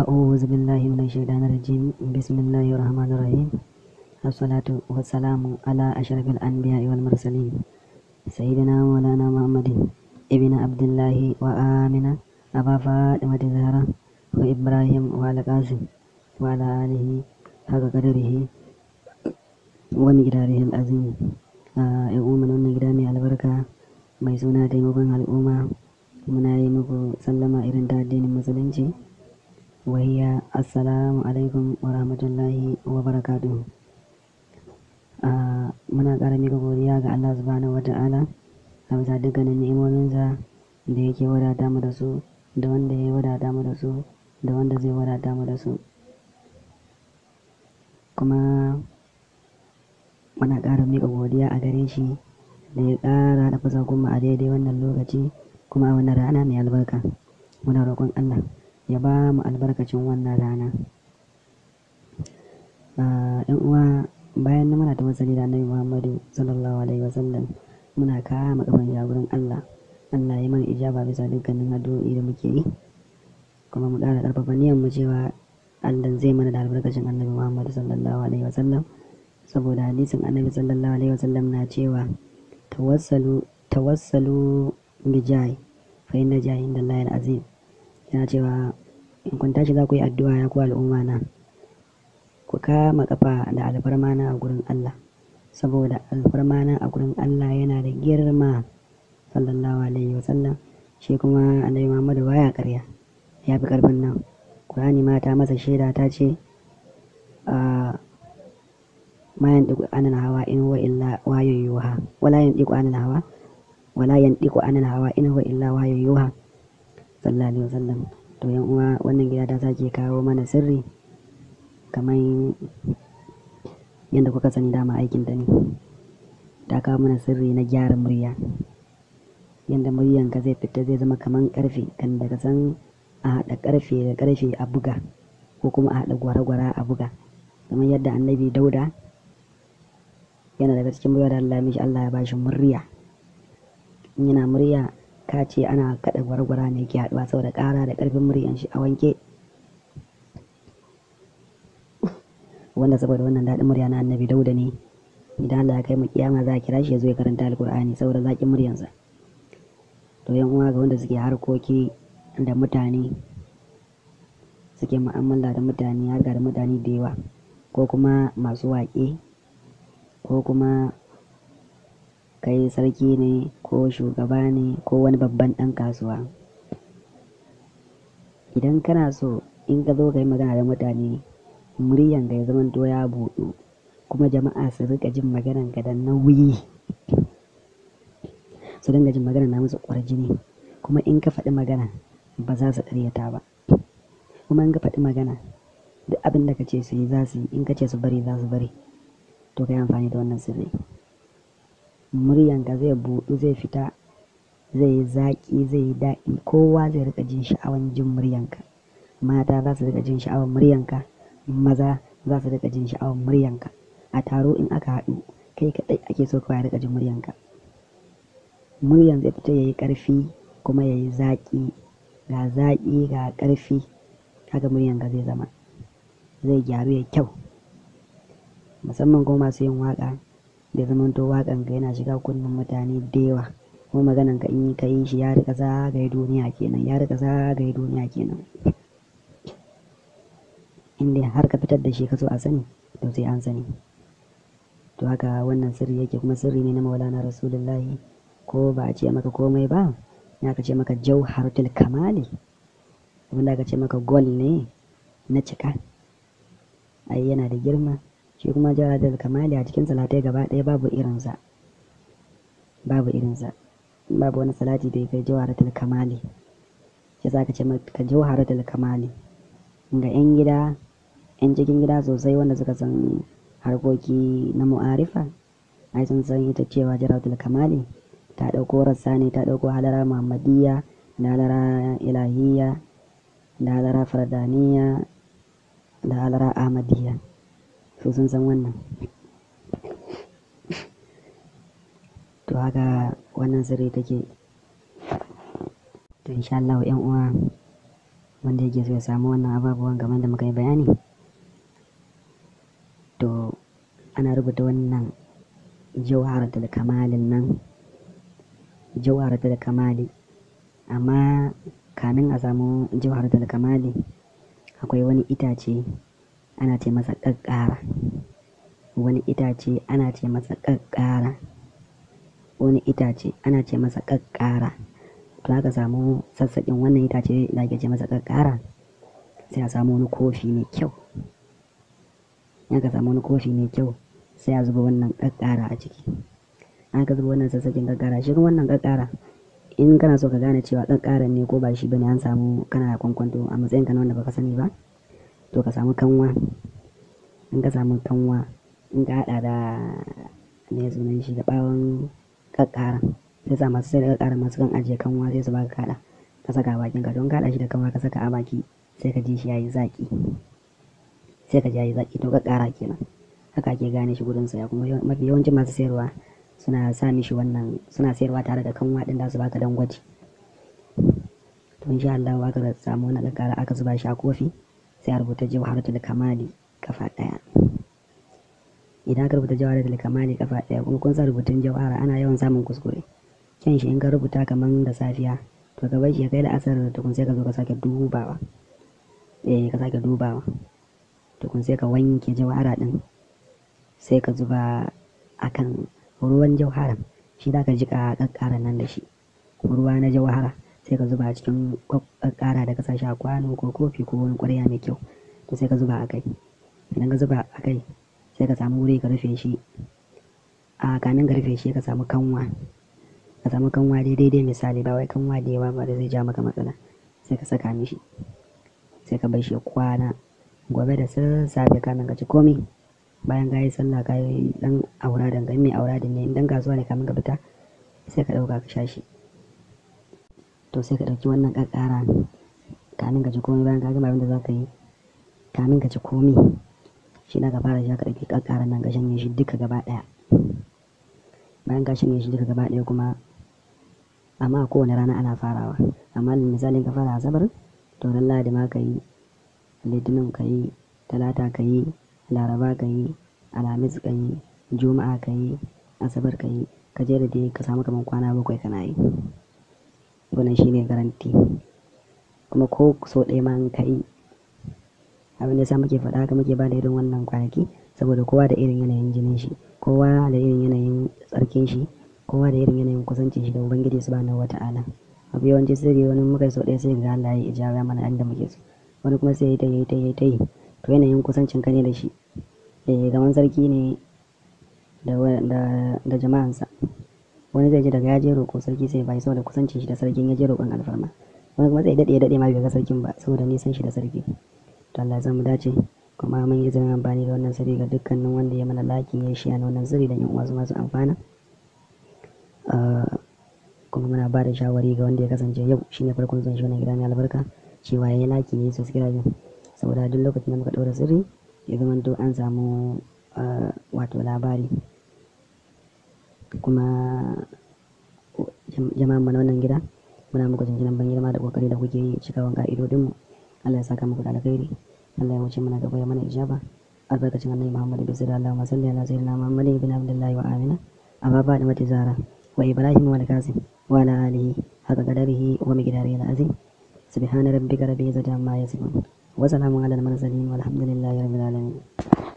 أعوذ بالله من الشيطان الرجيم بسم الله الرحمن الرحيم الصلاة والسلام على أشرف الأنبياء والمرسلين سيدنا مولانا محمد ابن عبد الله وآمنة أبا فاطمة زهرة وإبراهيم وعلى قاسم وعلى آله حق قدره ومقداره العظيم يقوم من قدامي على بركة ميسونا تيمكن الأمة muna yi muku sallama irin ta addinin musulunci wayya assalamu alaikum wa rahmatullahi wa barakatuhu ah, muna ƙara miƙa godiya ga Allah subhanahu wa ta'ala a bisa dukkanin ni'imominsa da yake wadata mu da su da wanda ya wadata mu da su da wanda zai wadata mu da su kuma muna ƙara miƙa godiya a gare shi da ya ƙara da fasa kuma a daidai wannan lokaci kuma a wannan rana mai albarka muna roƙon Allah ya ba mu albarkacin wannan rana ah, yan uwa bayan na muna ta wasali da annabi muhammadu sallallahu alaihi wa sallam muna kama kafan jagoran allah allah ya mana ijaba bisa dukkanin addu'o'i da muke yi kuma mu ƙara ƙarfafa niyyar mu cewa allah zai mana da albarkacin annabi muhammadu sallallahu alaihi wa sallam. saboda hadisin annabi sallallahu alaihi wa sallam na cewa tawassalu tawassalu bijai fa inna jahin da azim yana cewa in kun tashi za ku yi addu'a ya ku al'umma na ku kama kafa da alfarma na a gurin Allah saboda alfarma na a gurin Allah yana da girma sallallahu alaihi sallam shi kuma annabi Muhammadu baya karya ya fi karfin nan Qur'ani ma ta masa shaida ta ce ma yantiku anan hawa in wa illa wahyun wala wala yantiku anan hawa wala yantiku anan hawa in wa illa wahyun sallallahu alaihi wasallam to yan uwa wannan gida ta sake kawo mana sirri kamar yadda kuka sani dama aikin ta ne ta kawo mana sirri na gyara murya yadda muryan ka zai fita zai zama kamar karfe kan daga ka san a haɗa karfe da karfe a buga ko kuma a haɗa gwara-gwara a buga kamar yadda annabi dauda yana daga cikin murya da Allah ya Allah bashi murya yana murya ka ce ana kaɗa gwargwara ne ke haɗuwa saboda ƙara da ƙarfin muryan shi a wanke wanda saboda wannan daɗin murya na annabi dauda ne idan Allah ya kai mu kiyama za a kira shi ya zo ya karanta alkur'ani saboda zaƙin muryansa to yan uwa ga wanda suke harkoki da mutane suke mu'amala da mutane harka da mutane da yawa ko kuma masu waƙe ko kuma kai sarki ne ko shugaba ne ko wani babban ɗan kasuwa idan kana so in ka zo ka yi magana da mutane muryan ka ya zamanto ya buɗu kuma jama'a su rika jin maganan ka da nauyi su dinga jin magana na musu jini kuma in ka faɗi magana ba za su ƙaryata ba kuma in ka faɗi magana duk abin da ka ce su yi za su yi in ka ce su bari za su bari to ka yi amfani da wannan sirri muryanka zai buɗu zai fita zai yi zaƙi zai yi daɗi kowa zai rika jin sha'awan jin muryanka mata za su rika jin sha'awan muryanka maza za su rika jin sha'awan muryanka a taro in aka haɗu kai kaɗai ake so kawai rika jin muryanka muryan zai fita yayi ƙarfi kuma yayi zaƙi ga zaƙi ga ƙarfi haka muryanka zai zama zai gyaru ya kyau musamman kuma masu yin waƙa da zaman to waƙan ka yana shiga kunnen mutane da yawa kuma maganan ka in ka yi shi ya rika zagaye duniya kenan ya rika zagaye duniya kenan inda har ka fitar da shi ka so a sani to sai an sani to haka wannan sirri yake kuma sirri ne na maulana rasulullahi ko ba a ce maka komai ba ya ka ce maka jauharatul kamali wanda ka ce maka gol ne na cika ai yana da girma shi kuma jaradar kamali a cikin salatai gaba ɗaya babu irinsa babu irinsa babu wani salati da ya kai jawaratul kamali shi za ka ce maka jawaratul kamali ga 'yan gida 'yan cikin gida sosai wanda suka san harkoki na mu'arifa ai sun san ita cewa jaratul kamali ta ɗauko rassa ne ta ɗauko halara muhammadiyya da halara ilahiyya da halara fardaniya da halara ahmadiyya sun san wannan to haka wannan zare take to insha Allah ƴan uwa wanda yake so ya samu wannan ababuwan game da muka yi bayani to ana rubuta wannan da kamalin nan da kamali amma kamin a samu da kamali akwai wani itace ana ce masa ƙaƙƙara wani itace ana ce masa ƙaƙƙara wani itace ana ce masa ƙaƙƙara to ka samu sassaƙin wannan itace da ake ce masa ƙaƙƙara sai a samu wani kofi mai kyau in aka samu wani kofi mai kyau sai a zuba wannan ƙaƙƙara a ciki in aka zuba wannan sassaƙin ƙaƙƙara shi wannan ƙaƙƙara in kana so ka gane cewa ƙanƙara ne ko ba shi bane an samu kana kwankwanto a matsayin ka na wanda baka sani ba to ka samu kanwa in ka samu kanwa in ka haɗa da me sunan shi da bawon ƙaƙƙara sai sa masu sai da ƙaƙƙara masu kan ajiye kanwa sai su baka kada ka saka a bakin ka don kaɗa shi da kanwa ka saka a baki sai ka ji shi yayi zaki sai ka ji yayi zaƙi to ƙaƙƙara kenan haka ke gane shi gudun saya kuma mafi yawancin masu sayarwa suna sa mishi wannan suna sayarwa tare da kanwa din da su baka dan gwaji to insha Allah ka samu wannan ƙaƙƙara aka zuba shi a kofi sai a rubuta jawharatul kamali kafa ɗaya idan ka rubuta jawharatul kamali kafa ɗaya kuma kun sa rubutun jawhara ana yawan samun kuskure kyan shi in ka rubuta kaman da safiya to ka bar shi ya kai la'asar tukun sai ka zo ka sake dubawa eh ka sake dubawa tukun sai ka wanke jawhara din sai ka zuba akan ruwan jawharan shi da ka jika kakkara nan da shi ruwa na jawhara sai ka zuba a cikin kara da kasashe a kwano ko kofi ko wani ƙwarya mai kyau to sai ka zuba a kai idan ka zuba a kai sai ka samu wuri ka rufe shi a kanin ka rufe shi ka samu kanwa ka samu kanwa dai daidai misali ba wai kanwa da yawa ba da zai ja maka matsala sai ka saka mishi sai ka bar shi kwana gobe da sassafe kamin ka ci komai bayan ka yi sallah ka yi dan aura dangane mai aura da ne dan kasuwa ne kamin ka fita sai ka ɗauka ka sha shi to sai ka ɗauki wannan ƙarƙara kamin ka ci komi, bayan ka gama abin da za ka yi kamin ka ci komi. shi da ka fara shi ka ɗauki ƙarƙaran nan ka shanye shi duka gaba ɗaya bayan ka shanye shi duka gaba ɗaya kuma amma a kowane rana ana farawa amma misalin ka fara asabar to ran lahadi ma ka yi litinin ka yi talata ka yi laraba ka yi alhamis ka yi juma'a ka yi asabar ka yi ka je da dai ka samu kaman kwana bakwai kana yi wannan shine garanti kuma ko so ɗaya ma in ka yi abin da sa muke faɗa haka muke ba da irin wannan kwanaki saboda kowa da irin yanayin jinin shi kowa da irin yanayin tsarkin shi kowa da irin yanayin kusancin shi da ubangiji wata wata'ala abu yawanci sai wani muka so ɗaya sai ga Allah ya ijaba mana inda muke so wani kuma sai ya ta yi ta yi ta yi to yanayin kusancin ka ne da shi eh zaman sarki ne da da jama'ansa wani zai je daga ya je roƙo sarki sai bai saboda kusancin shi da sarkin ya je roƙon alfarma wani kuma zai daɗe ya daɗe ma bai ga sarkin ba saboda nisan shi da sarki to Allah zan mu dace kuma mun yi zaman amfani da wannan sirri ga dukkanin wanda ya mana lakin ya shi a wannan sirri da yan uwa su masu amfana ah, kuma muna ba da shawari ga wanda ya kasance yau shine farkon zan shi wannan gida mai albarka cewa ya yi lakin ya yi subscribe saboda duk lokacin da muka ɗora sirri ya zama an samu ah, wato labari kuma jama'an mu wannan gida muna muku jinjinan ban girma da kokari da kuke yi cikawan ka'idodin mu Allah ya saka muku da alkhairi Allah ya wuce mana gaba ya mana ijaba albarkacin annabi Muhammad bin sallallahu alaihi wasallam ala sayyidina Muhammad ibn Abdullah wa amina amma ba da mata zara wa Ibrahim wal Qasim wa ala alihi haka qadarihi wa miqdarihi al-azim subhana rabbika rabbil izzati amma yasifun wa salamun ala al-mursalin walhamdulillahi rabbil alamin